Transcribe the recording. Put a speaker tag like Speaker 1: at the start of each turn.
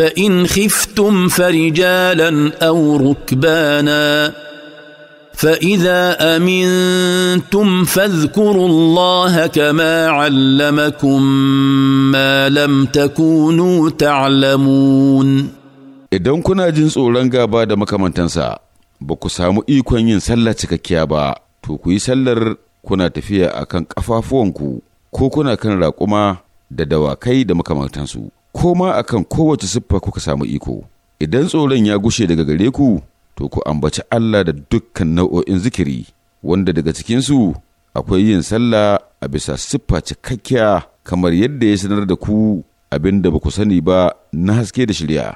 Speaker 1: فان خفتم فرجالا او ركبانا فاذا امنتم فاذكروا الله كما علمكم ما لم تكونوا
Speaker 2: تعلمون idan kuna jin tsoron gaba da makamantansa ba ku samu ikon yin sallah cikakkiya ba to ku yi sallar kuna tafiya akan ƙafafuwanku ko kuna kan raƙuma da dawakai da makamantansu koma kan kowace siffa kuka samu iko idan tsoron ya gushe daga gare ku to ku ambaci Allah da dukkan nau'o'in zikiri wanda daga cikinsu akwai yin sallah a bisa siffa cikakkiya kamar yadda ya sanar da ku abin da ba ku sani ba
Speaker 3: na haske da shirya